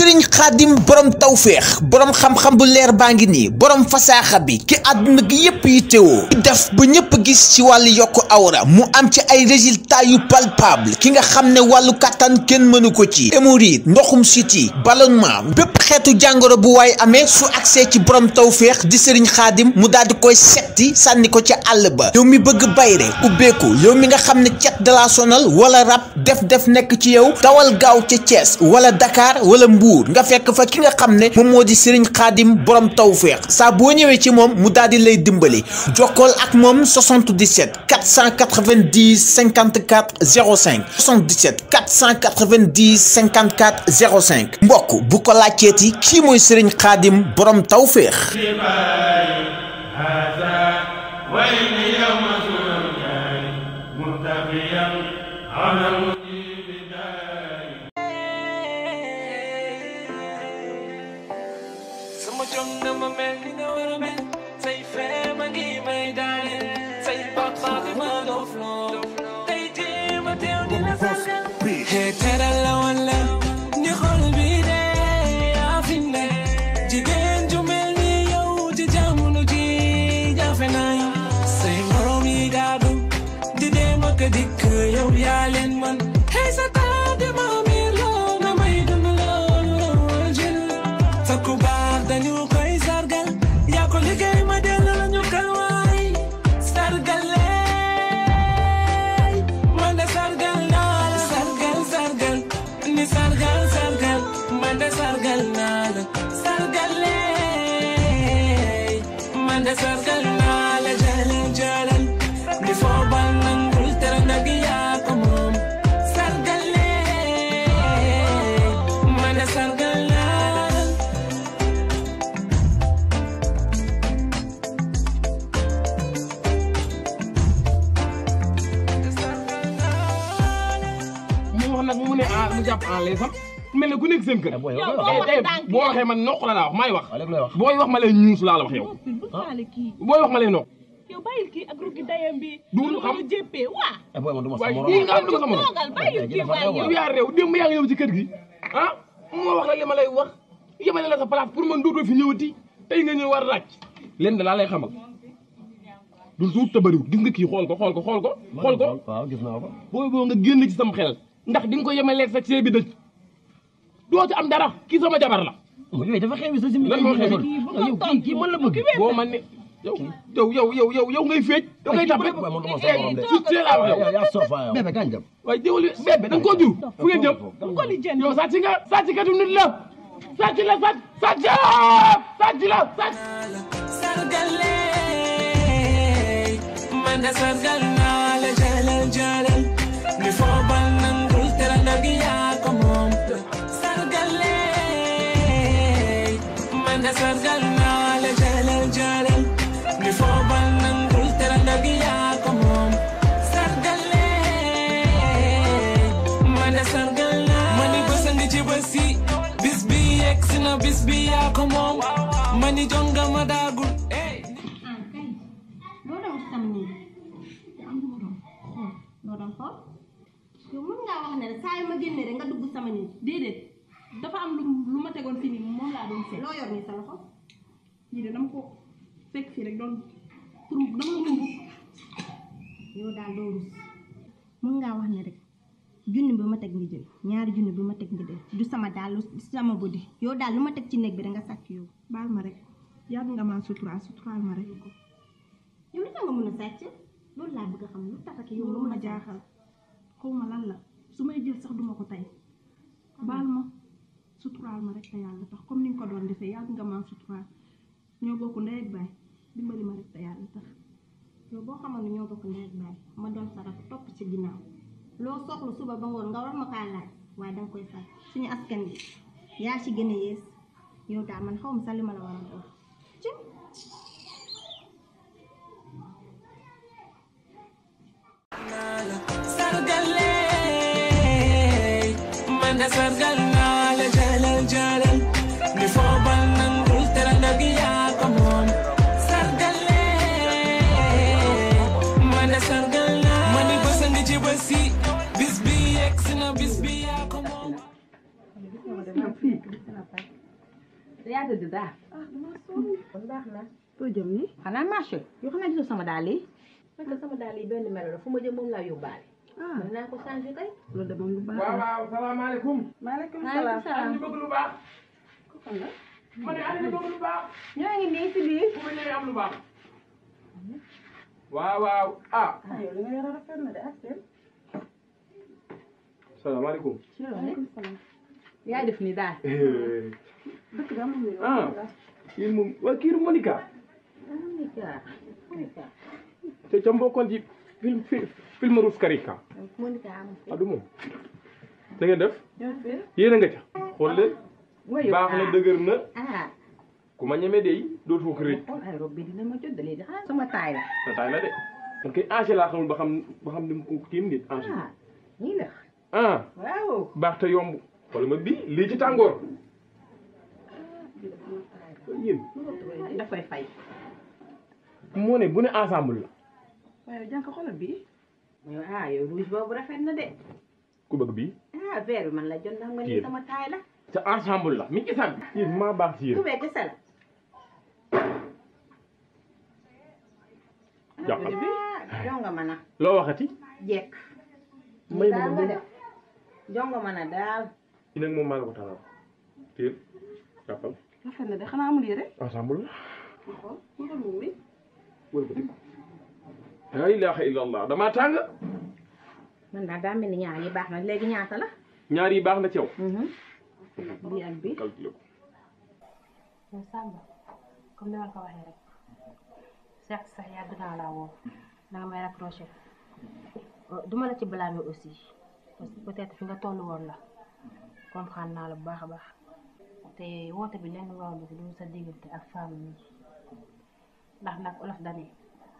sëriñ xaadim borom tawféex borom xam-xam bu leer baa ngi nii borom fasaaxa bi ki àdduna gi yépp yi teewoo def bu ñëpp gis ci wàll yokk awra mu am ci ay résultats yu palpable ki nga xam ne wàllu kàttan kenn mënu ko ci hémorroïde ndoxum siti ballonnement bépp xeetu jàngoro bu waaye amee su agsee ci borom tawféex di sëriñ xaadim mu daal di koy setti sànni ko ci àll ba yow mi bëgg bayre ubbeeku yow mi nga xam ne cet da la sonal wala rab def def nekk ci yow dawal gaaw ca Thiès wala Dakar wala Mbour nga fekk fa ki nga xam ne moom moo di Serigne Khadim borom tawféex saa boo ñëwee ci moom mu daal di lay dimbali jokkool ak moom 77 490 54 05 77 490 54 05 mbokk bu ko laajteeti kii mooy Serigne Khadim borom tawféex. Hey, that I teranga sargal naa la jëlal jëlal di foobal nangul teranga gi yaa ko moom sargal leen man de sargal naa la moom wax nag mu ne a ah, mu jàpp en les am mel na ku nekk seen kër. Eh, boo waxee man noq la laa wax maay ah, wax. booy wax ma lay ñuus laa la wax yow. Ah. booy wax ma lay noq. yow bàyyil kii ak rugi dayam bi. duul xam lu jéppee waa. Eh, waaye nga am lu ko sama yow yaa réew démb yaa ngi yow ci kër gi. ah moo wax la li ma lay wax yemale la sa place pour man dootoo fi ñëwati tey nga ñëw war laaj leen da laa lay xamal. dul tuut te bëriwul gis nga kii xool ko xool ko xool ko. xool ko waaw gis naa ko. booy boo nga génn ci sama xel ndax di nga ko yemaleeg sa ceeb bi dëj doo ci am dara kii sama jabar la. Oh, yooyu dafa xew sa sim. lan moo xew yow kii kii mën la bëgg. boo man ne yow yow yow yow yow yow ngay feej. yow ngay tapé waaw man bébé kañ dem. waaye jéewul bébé da nga koo jur fu ngeen jëm. yow sàcc nga sàcc katu nit la sàcc la sàcc sàcc la sàcc la sàcc. sargal man de sargal man da sargal naa la jalal jalal ni foobal nangul teranga gi yaa ko sargal leen man da sargal naa ma ni bës ci bës yi bis bi na bis yaa ko moom ma jonga ma daagul ah, yow mën ngaa ma génnee rek nga dugg sama nit dafa am lu lu ma tegoon fii nii moom laa doon seet de dama ko fekk fii rek doon pour ngaa wax ne rek junni bi ma teg ñaari junni bi ma teg nga sama daal du yow daal lu ma teg ci nekk bi da nga ma rek yàgg nga maa a loolu laa bëgg a xam lu tax ak yow. loolu ma jaaxal xaw ma lan la su may jël sax duma ko tey baal ma. sutural ma rek ta yalla tax comme niñ ko doon defé yàgg nga ma sutural ñoo bokku ndey ak bay dimbali ma rek ta yalla tax yo bo xamal ne ñoo bokk ndey ak bay ma doon sa top ci ginaaw lo soxlu suba ba ngor nga war ma kaa laaj way dang koy fay suñu askan bi ya ci gën a yees yow ya man xawma sax li ma la war a ci sargal man de sargal baax na. foo jëm ni xanaa marché yoo xam ne gisoo sama daal yi. naka sama daal yi benn melo la fu ma jëm moom laa yóbbaale. ah naa ko changé tey. loolu de moom lu salaam maaleykum ma ne Aliou bëgg ah. ah. yow li nga yor rafet na de ak seen. salaamaaleykum. yaa def ni daal. Eh. kii moom waaye kii Monica. Monica ca mbokkoon ci film film Rus Karika. Monica amul. Ah, def. yéen a nga ca. xool leen baax na dëgër na. Ah. ku ma ñeme de dootoo ko rëcc. Oh, ah, sama taay la. sa taay la de. parce que laa xamul ba xam ba xam ne mu kii nit Angers. ah nii ah. baax te yomb. xool ma bii lii ci tàngoor. yéen dafay fay. bu ne ensemble la. waaye jànk xoolal bii. ah yow rouge bobu rafet na de. ku bëgg bi ah vert man la jonne naa nga ni sama taay la. ci ensemble la mi ngi sam yi ah, ma bax ci yi ku bëgg sa la. jàppal jongo ma mana lo waxati. jek may ma ma def jongo ma na daal. nag moom la ko talal. téel jàppal rafet de xanaa amul yére ensemble la xool wëral moom bi wër la ilaha illallah damaa tàng man daal daa ñaar yi baax na ñaata la ñaar yi baax ci yow mhm. bii ak bii calculé ko Samba comme ni ma ko waxee rek seet sax yàgg may duma la ci aussi parce que peut-être fi nga la comprendre la baax a baax te woote bi lenn waral na ko du sa diggante ak femme yi ndax nag olof dane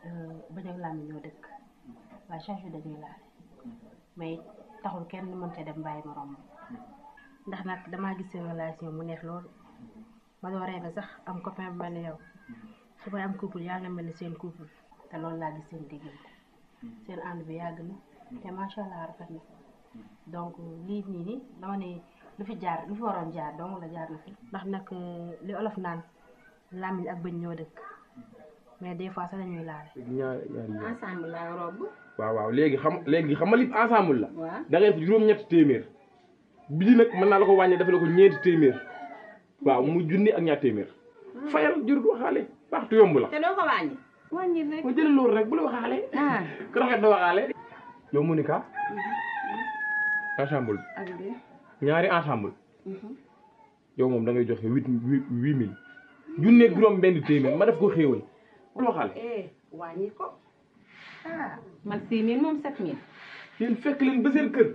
euh, ba ak làmmiñ ñoo dëkk waaye charge bi dañuy laale may taxul kenn mën ca dem bàyyi morom ndax nag damaa gis seen relation mu neex loolu ma dooree na sax am copain bu ne yow su may am couple yaa nga mel ni seen couple te loolu laa gis seen diggante seen ànd bi yàgg na te macha allah rafet na donc lii nii dama ne lu fi jaar lu fi waroon jaar dong la jaar na fi ndax nag euh, li olof naan làmmiñ ak bëñ ñoo dëkk mais des fois sax dañuy laale. ñaar ñaar ensemble la robb. waaw waaw léegi xam léegi xam nga li ensemble la. waaw da ngay juróom-ñetti téeméer. bi di nag mën naa la ko wàññee dafa ko ñeenti téeméer waaw mu junni ak ñaar téeméer. Ah. fayal jur du la. te doo ko wàññi. wàññi rek bu la waxaale. Ah. ku rafet da waxaale. yow Monica. Mhm. ensemble. ñaari ensemble mhm. yow moom da ngay joxe huit huit mille junne juróom benn téeméer ma def ko xéewal bul waxal eh, wàññi ko ah man six mille moom sept mille yéen fekk leen ba seen kër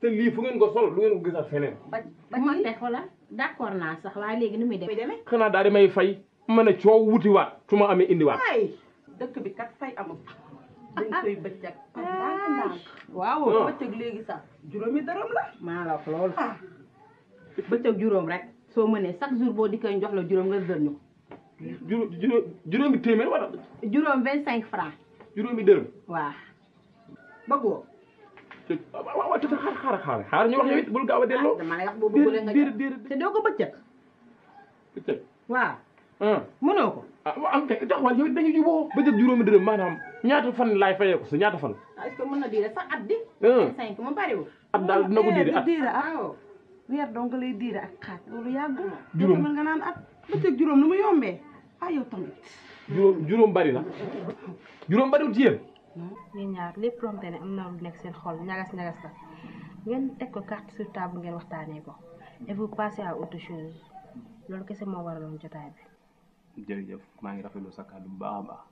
te lii fu ngeen ko sol lu ngeen ko gisal feneen ba ma fekk la d'accord naa sax waaye léegi nu muy demee xanaa daal di may fay mën a coow wuti waat su ma amee indiwaat dëkk bi kat fay dañ koy bëccëg par ah. ndànk-ndànk. waaw oh. sax juróomi dërëm la. maa la wax loolu. Ah. bëccëg juróom rek. soo mënee chaque jour boo dikkee jox la juróom nga dër ñu ko. juróom juróomi juróom vingt cinq franc. juróomi dërëm. waaw. bëggoo. waaw waaw te xaar xaar xaar ñu wax yow it bul gaaw a delloo. Ah, dama lay wax boo bëggulee nga jox te doo ko bëccëg. bëccëg. waaw. mënoo ko. ah waaw am te jox wàll yow it dañu juboo. bëccëg juróomi dërëm maanaam. ñaata fan laay fayeeku si ñaata fan. Ah, est-ce que mën na diire at di. cinq ma bariwul. at daal dina ko diire at ah. weer lay diire ak xaaj loolu yàggul. juróom nga naan at bëccëg juróom nu mu yombee ah yow tamit. juróom juróom bari na juróom bariwul ci yéen. yéen ñaar lépp romte ne lu nekk seen xol ñagas ñagas ngeen ko carte sur table ngeen ko et vous passez à autre chose bi. ngi rafetlu sa baax baax.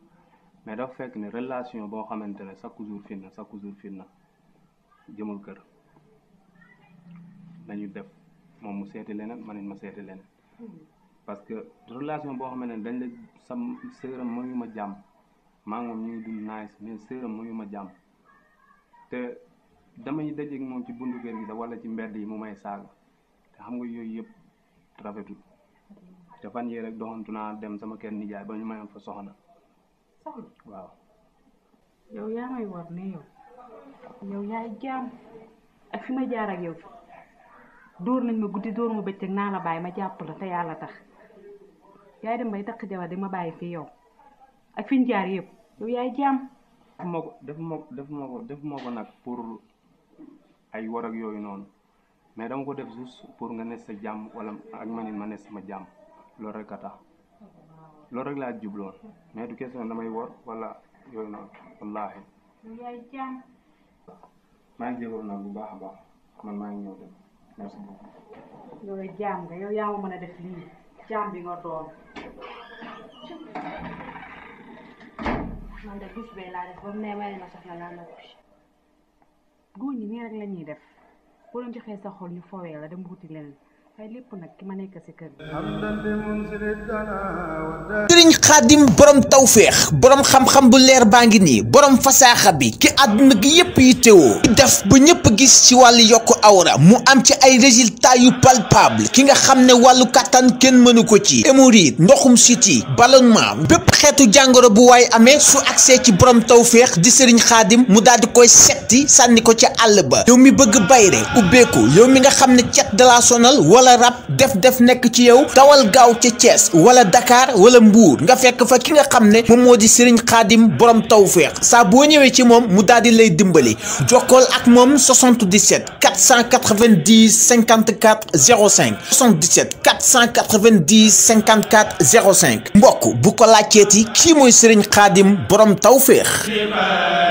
mais dafa fekk ne relation boo xamante ne chaque jour fitna chaque jour fitna jëmul kër nañu def moom mu seeti leneen man ma seeti leneen parce que relation boo xamante ne dañ la sam sëram mayu ma jàmm maa ngi moom ñu ngi dund nice mais sëram mayu ma jàmm te damay dajeeg moom ci buntu kër gi sax wala ci mbedd yi mu may saaga te xam nga yooyu yëpp rafetul te fan yii rek doxantu naa dem sama kër nijaay ba ñu mayoon fa soxna soxna waaw yow yaa may war ne yow yow yaay jaam ak fi ma jaar ak yow fi nañ ma guddi dóor ma bëccëg naa la bàyyi ma jàpp la te yàlla tax yaay dem bay takk jabar di ma bàyyi fii yow ak fi ñu jaar yëpp yow yaay jaam def ma ko def ma nag pour ay war ak yooyu noonu mais dama ko def juste pour nga ne sa jàmm wala ak ma nit ma ne sama jàmm loolu rek a tax loolu rek laa jubloon mais du question damay wor wala yooyu noonu wallaahi. maa ngi jégalu nag bu baax a baax man maa ngi ñëw dem merci beaucoup. jaam mën a def lii jaam bi nga doon. man de bés bee laa def ba ne ma ma soxla laa ma góor ñi nii rek la ñuy def boo leen joxee sa xol ñu fowee la dem wuti leneen. waaye lépp nag ki ma nekk si kër gi. sëriñ xaadim borom tawféex borom xam-xam bu leer baa ngi nii borom fasaaxa bi ki àdduna gi yépp yittewoo. def bu ñëpp gis ci wàll yokku awra mu am ci ay résultats. résultat yu palpable ki nga xam ne wàllu kàttan kenn mënu ko ci hémorroïde ndoxum siti ballonnement bépp xeetu jàngoro bu waaye amee su agsee ci borom tawféex di sëriñ xaadim mu daal di koy setti sànni ko ca àll ba yow mi bëgg bayre ubbeeku yow mi nga xam ne cet da laa sonal wala rab def def nekk ci yow tawal gaaw ca cees wala Dakar wala Mbuur nga fekk fa ki nga xam ne moom moo di sëriñ xaadim borom tawféex saa boo ñëwee ci moom mu daal di lay dimbali jokkool ak moom 77 490 50 54 05 77 490 54 05 mbokk bu ko laajteeti kii mooy Serigne Khadim borom tawféex